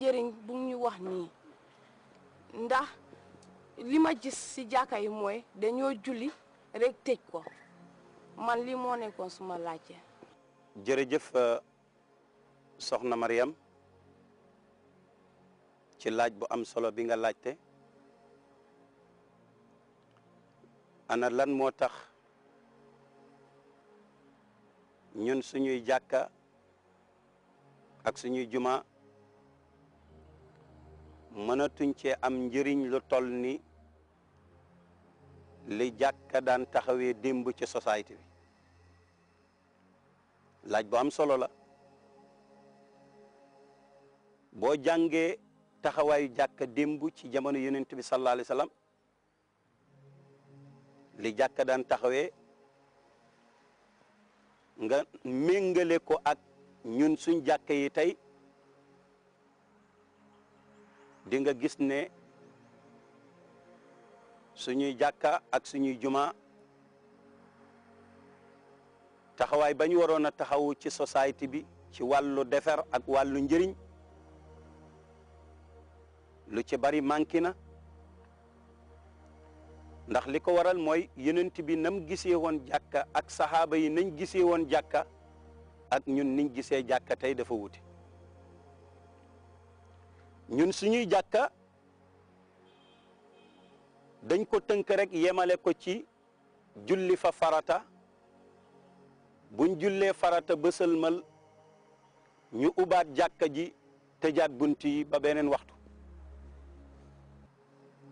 jëriñ bu ñu wax ni ndax li ma gis si jaakaay moy dañoo julli rek tëj ko man li ne ko suma jere jeuf soxna maryam ci laaj bu am solo bi nga laajte ana lan moo tax ñun suñuy jaaka ak suñuy juma mënatuñ cee am njëriñ la toll ni li jàkka daan taxawee démb ci société bi laaj bu am solo la boo jàngee taxawaayu jàkka démb ci jamono yonent bi sallallahu alayhi wa li jàkka daan taxawee nga méngale ko ak ñun suñ jàkka yi tey di nga gis ne suñuy jàkka ak suñuy jumaa taxawaay bañ ñu waroon a taxawu ci société bi ci wàllu defer ak wàllu njëriñ lu ci bari manqué na ndax li ko waral mooy yenent bi nam gisee woon jàkka ak saxaaba yi nañ gisee woon jàkka ak ñun niñ gisee jàkka tey dafa wuti ñun suñuy jàkka dañ ko tënk rekk yemale ko ci julli fa farata buñ jullee farata ba sëlmal ñu ubaat jàkka ji tëjaat bunt yi ba beneen waxtu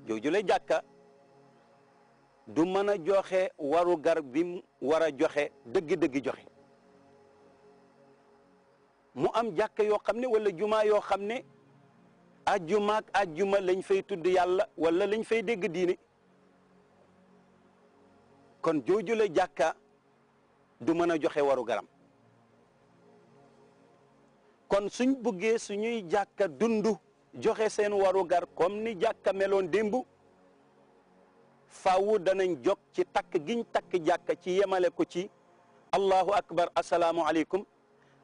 jooju la jàkka du mën a joxe waru gar bi mu war a joxe dëgg-dëgg joxe mu am jàkka yoo xam ne walla jumaa yoo xam ne ajjuma ak ajjuma lañ fay tudd yàlla walla lañ fay dégg diine kon jooju la jàkka du mën a joxe waru kon suñ buggee suñuy jàkka dund joxe seen warugar comme ni jàkka meloon démb faawu danañ jog ci takk giñ takk jàkka ci yemale ko ci allahu akbar asalaamualeykum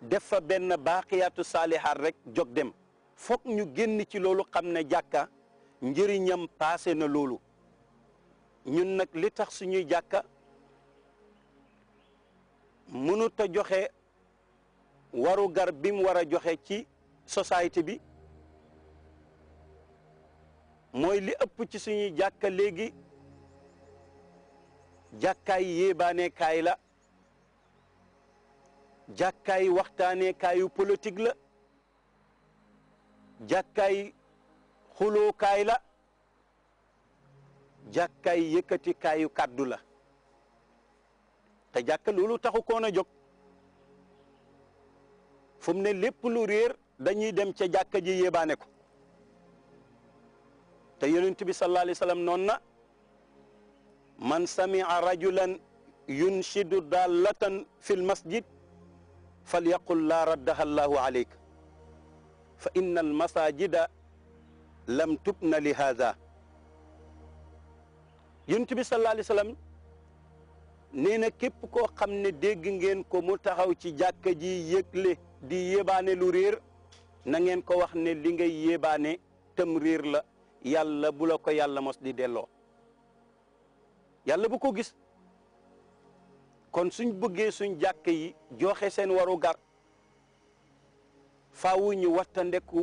def fa benn baaqiyaatu saalihaat rekk jog dem foog ñu génn ci loolu xam ne jàkka njëriñam paase na loolu ñun nag li tax suñuy jàkka mënut a joxe warugar bi mu war a joxe ci société bi mooy li ëpp ci suñuy jàkka léegi jàkkaay yéebaanekaay la jàkkaay waxtaanekaayu politik la jàkkaay xulookaay la jàkkaay yëkkatikaayu kàddu la te jàkka loolu taxu koon a jóg ne lépp lu réer dañuy dem ca jàkka ji yéebaane ko te yonent bi sallallahu alayhi wa sallam noon na man sami'a rajulan yunshidu dallatan fi l masjid fal yaqul laa raddaha allahu aleyk fa inna al masajida lam tubna li haada yonent bi sallallahu alayhi wa képp koo xam ne dégg ngeen ko mu taxaw ci jàkka ji yëgle di yébaane lu réer na ngeen ko wax ne li ngay yébaane tam réer la yàlla bu la ko yàlla mos di delloo yàlla bu ko gis kon suñ bëggee suñ jàkk yi joxe seen waru gar faawu ñu wattandeku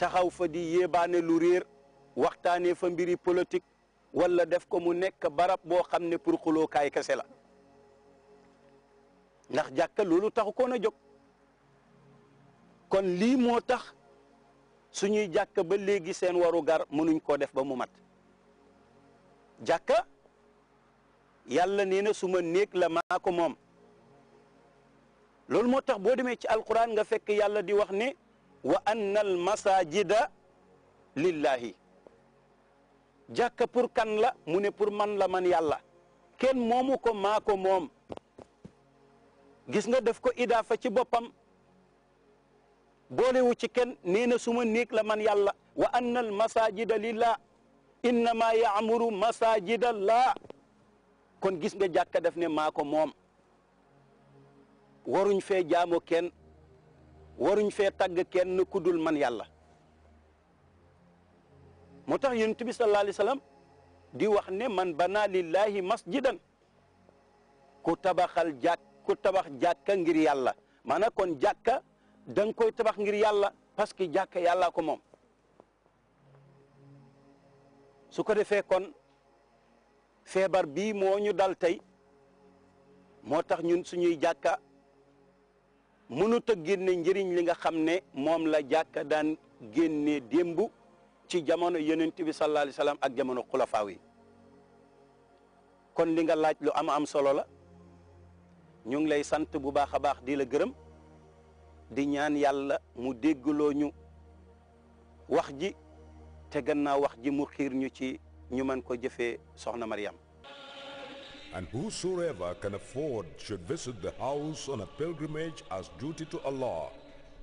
taxaw fa di yéebaane lu réer waxtaanee fa mbiri politique walla def ko mu nekk barab boo xam ne pour xulookaay kese la ndax jàkka loolu taxu koon a jog kon lii moo tax suñuy jàkka ba léegi seen warugar mënuñ koo def ba mu mat jàkka yàlla nee na suma néeg la maa moom lol motax bo demé ci alquran nga fekk yàlla di wax ni wa annal masajida lillahi jàkka pour kan la mune pour man la man yàlla ken momuko mako mom gis nga def ko idafa ci bopam bolewu ci ken neena suma néeg la man yàlla wa annal masajida lillah inma ya'muru masajida la kon gis nga jàkka def ne mako mom waruñ fee jaamo kenn waruñ fee tàgg kenn ku dul man yàlla moo tax yonent bi sallallahu di wax ne man bana lillahi masjidan ku tabaxal jàkk ku tabax jàkka ngir yàlla maanaam kon jàkka da koy tabax ngir yàlla parce que jàkka yàllaa ko moom su ko defee kon feebar bii moo ñu dal tey moo tax ñun suñuy jàkka mënuta a génne njëriñ li nga xam ne moom la jàkka daan génne démb ci jamono yonent bi sallallahu wa sallam ak jamono xulafaaw yi kon li nga laaj lu am am solo la ñu ngi lay sant bu baax a baax di la gërëm di ñaan yàlla mu déggloo ñu wax ji te gannaaw wax ji mu xiir ñu ci ñu mën ko jëfe soxna mariyam and whosoever can afford should visit the house on a pilgrimage as duty to Allah.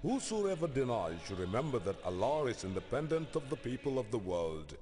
Whosoever denies should remember that Allah is independent of the people of the world.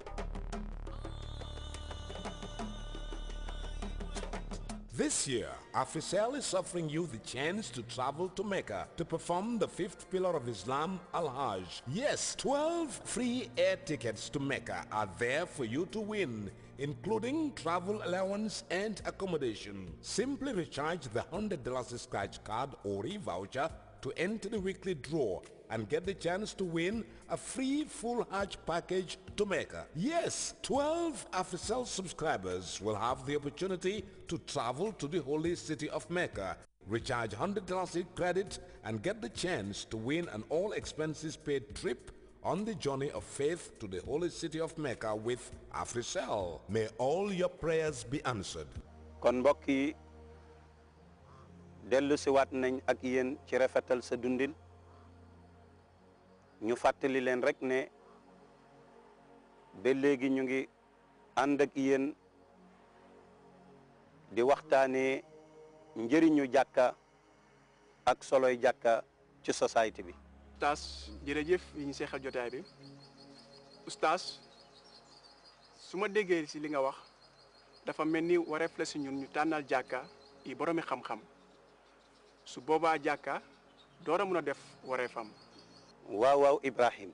This year, Afisel is offering you the chance to travel to Mecca to perform the fifth pillar of Islam, Al-Hajj. Yes, 12 free air tickets to Mecca are there for you to win including travel allowance and accommodation. Simply recharge the $100 scratch card or e-voucher to enter the weekly draw and get the chance to win a free full hatch package to Mecca. Yes, 12 Afisel subscribers will have the opportunity to travel to the holy city of Mecca, recharge $100 credit and get the chance to win an all expenses paid trip on the journey of faith to the holy city of Mecca with Africell. May all your prayers be answered. kon Delu yi dellu siwaat nañ ak yéen ci rafetal sa dundin ñu fàttali leen rek ne ba léegi ñu ngi ànd ak yéen di waxtaanee njëriñu jàkka ak soloy jàkka ci société bi Ustaz, jërëjëf yi ñu seexal jotaay bi oustaz suma déggé ci li nga wax dafa melni ni wareef la si ñun ñu tànnal jàkka yi boromi xam-xam su boobaa jàkka door mun a def wareefam. waaw waaw Ibrahim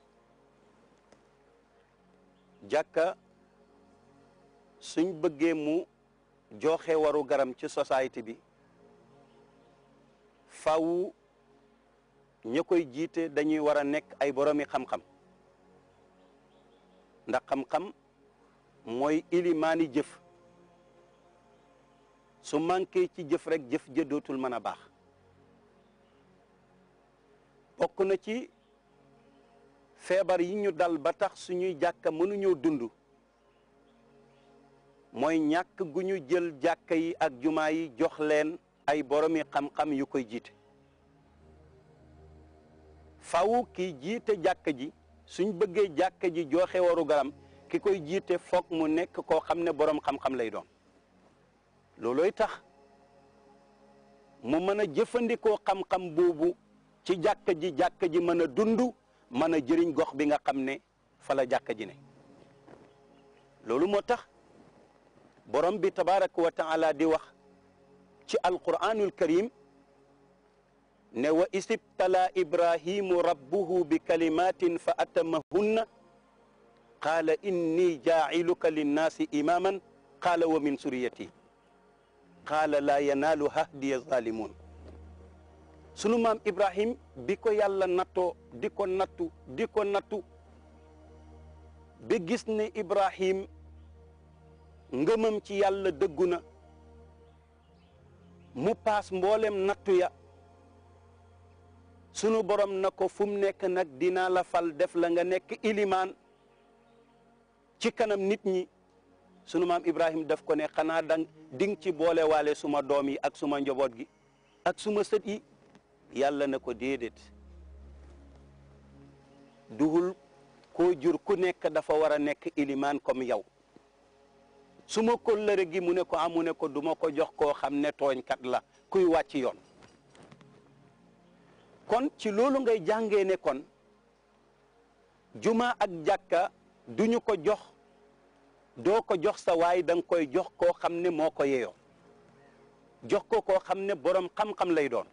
jàkka suñ bëggee mu joxe waru garam ci society bi faw ña koy jiite dañuy war a nekk ay boroomi xam-xam ndax xam-xam mooy ilimaani jëf su manqué ci jëf rekk jëf ja dootul mën a baax bokk na ci feebar yi ñu dal ba tax suñuy jàkka mënuñoo dund mooy ñàkk gu ñu jël jàkka yi ak jumaa yi jox leen ay boroomi xam-xam yu koy jiite faw ki jiite jàkka ji suñ bëggee jàkka ji joxe waru garam ki koy jiite foog mu nekk koo xam ne boroom xam-xam lay doon loolooy tax mu mën a jëfandikoo xam-xam boobu ci jàkka ji jàkka ji mën a dund mën a jëriñ gox bi nga xam ne fa la jàkka ji ne loolu moo tax borom bi tabaraka wa di wax ci alquranul karim نو استبتلى إبراهيم ربه بكلمات فأتمهن قال إني جاعلك للناس إماما قال ومن سريتي قال لا ينال هدي الظالمون سلمان إبراهيم بكو يالا نتو ديكو نتو ديكو نتو بجسني إبراهيم نغمم تي يالا دقنا مو باس مبولم نتو يالا sunu borom na ko fu mu nekk nag dinaa la fal def la nga nekk ilimaan ci kanam nit ñi sunu maam Ibrahim def ko ne xanaa dang ding ci boole waale suma doom yi ak suma njaboot gi ak suma sët yi yàlla na ko déedéet duhul ko jur ku nekk dafa war a nekk ilimaan comme yow suma ma kóllëre gi mu ne ko amu ah, ne ko duma ko jox koo xam ne tooñkat la kuy wàcc yoon kon ci loolu ngay jànge ne kon juma ak jàkka duñu ko jox doo ko jox sa waay danga koy jox koo xam ne moo ko yeyoo jox ko koo xam ne boroom xam-xam lay doon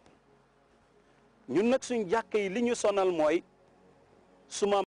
ñun nag suñ jàkk yi li ñu sonal mooy suma